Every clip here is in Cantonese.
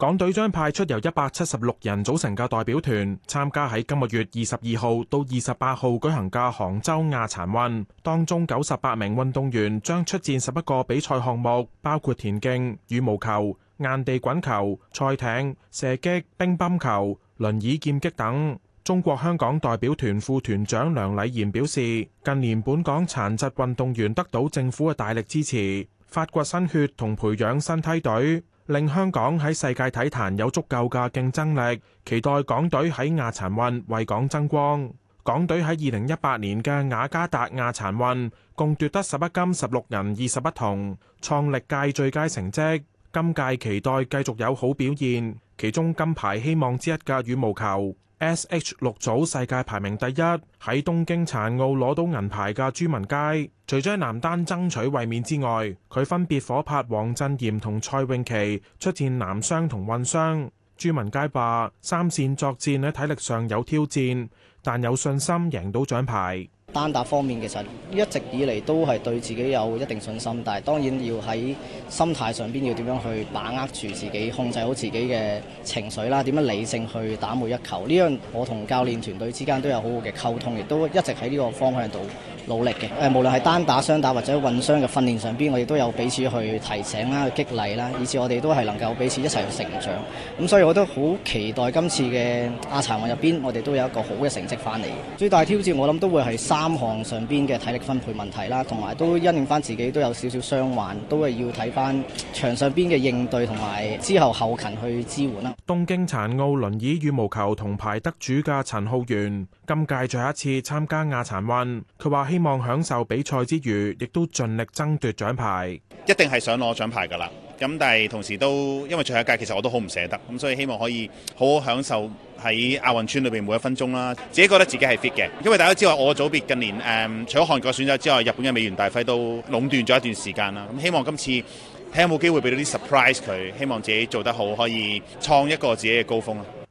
港隊將派出由一百七十六人組成嘅代表團，參加喺今個月二十二號到二十八號舉行嘅杭州亞殘運。當中九十八名運動員將出戰十一個比賽項目，包括田徑、羽毛球、硬地滾球、賽艇、射擊、乒乓球、輪椅劍擊等。中國香港代表團副團長梁禮賢表示，近年本港殘疾運動員得到政府嘅大力支持，發掘新血同培養新梯隊。令香港喺世界體壇有足夠嘅競爭力，期待港隊喺亞殘運為港爭光。港隊喺二零一八年嘅雅加達亞殘運共奪得十一金、十六銀、二十銅，創歷屆最佳成績。今屆期待繼續有好表現，其中金牌希望之一嘅羽毛球。SH 六組世界排名第一，喺東京殘奧攞到銀牌嘅朱文佳，除咗喺男單爭取衛冕之外，佢分別火拍王振炎同蔡泳琪出戰男雙同混雙。朱文佳話：三線作戰喺體力上有挑戰，但有信心贏到獎牌。單打方面，其實一直以嚟都係對自己有一定信心，但係當然要喺心態上邊要點樣去把握住自己，控制好自己嘅情緒啦，點樣理性去打每一球。呢樣我同教練團隊之間都有好好嘅溝通，亦都一直喺呢個方向度努力嘅。誒，無論係單打、雙打或者混雙嘅訓練上邊，我亦都有彼此去提醒啦、去激勵啦，以至我哋都係能夠彼此一齊去成長。咁所以，我都好期待今次嘅亞殘運入邊，我哋都有一個好嘅成績翻嚟。最大挑戰，我諗都會係三。三項上邊嘅體力分配問題啦，同埋都因應返自己都有少少傷患，都係要睇返場上邊嘅應對同埋之後後勤去支援啦。東京殘奧輪椅羽毛球銅牌得主嘅陳浩源，今屆再一次參加亞殘運，佢話希望享受比賽之餘，亦都盡力爭奪，奪牌獎牌，一定係想攞獎牌㗎啦。咁但係同時都因為最後一屆其實我都好唔捨得，咁所以希望可以好好享受喺亞運村裏邊每一分鐘啦，自己覺得自己係 fit 嘅，因為大家知道我組別近年誒、嗯、除咗韓國選手之外，日本嘅美元大輝都壟斷咗一段時間啦，咁希望今次睇有冇機會俾到啲 surprise 佢，希望自己做得好可以創一個自己嘅高峰啦。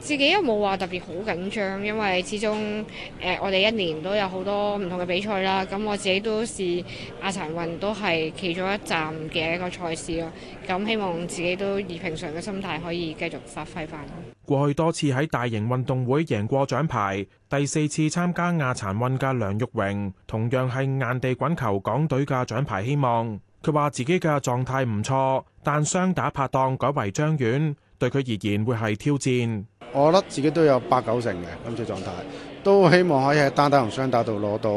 自己又冇話特別好緊張，因為始終誒，我哋一年都有好多唔同嘅比賽啦。咁我自己都視亞殘運都係其中一站嘅一個賽事咯。咁希望自己都以平常嘅心態可以繼續發揮返。過去多次喺大型運動會贏過獎牌，第四次參加亞殘運嘅梁玉榮，同樣係硬地滾球港隊嘅獎牌希望。佢話自己嘅狀態唔錯，但雙打拍檔改為張遠，對佢而言會係挑戰。我覺得自己都有八九成嘅今次狀態，都希望可以喺單打同雙打度攞到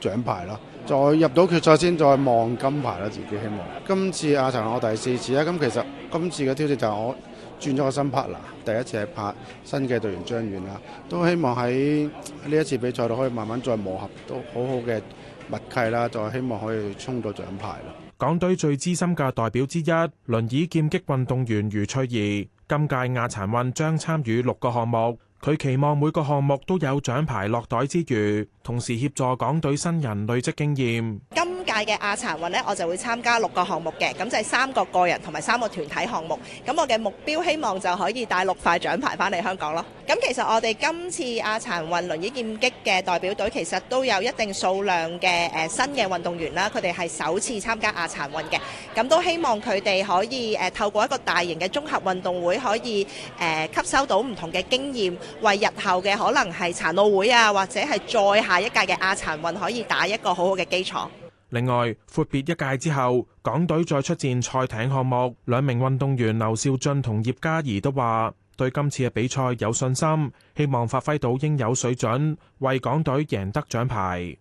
獎牌啦，再入到決賽先再望金牌啦，自己希望。今次亞殘我第四次啦，咁其實今次嘅挑戰就係我轉咗個新 partner 啦第一次係拍新嘅隊員張遠啦，都希望喺呢一次比賽度可以慢慢再磨合，都好好嘅默契啦，就希望可以衝到獎牌啦。港隊最資深嘅代表之一輪椅劍擊運動員余翠怡。今屆亞殘運將參與六個項目，佢期望每個項目都有獎牌落袋之餘，同時協助港隊新人累積經驗。屆嘅亞殘運咧，我就會參加六個項目嘅，咁就係三個個人同埋三個團體項目。咁我嘅目標希望就可以帶六塊獎牌返嚟香港咯。咁其實我哋今次亞殘運輪椅劍擊嘅代表隊其實都有一定數量嘅誒、呃、新嘅運動員啦，佢哋係首次參加亞殘運嘅，咁都希望佢哋可以誒、呃、透過一個大型嘅綜合運動會，可以誒、呃、吸收到唔同嘅經驗，為日後嘅可能係殘奧會啊，或者係再下一屆嘅亞殘運可以打一個好好嘅基礎。另外，闊別一屆之後，港隊再出戰賽艇項目，兩名運動員劉少俊同葉嘉怡都話：對今次嘅比賽有信心，希望發揮到應有水準，為港隊贏得獎牌。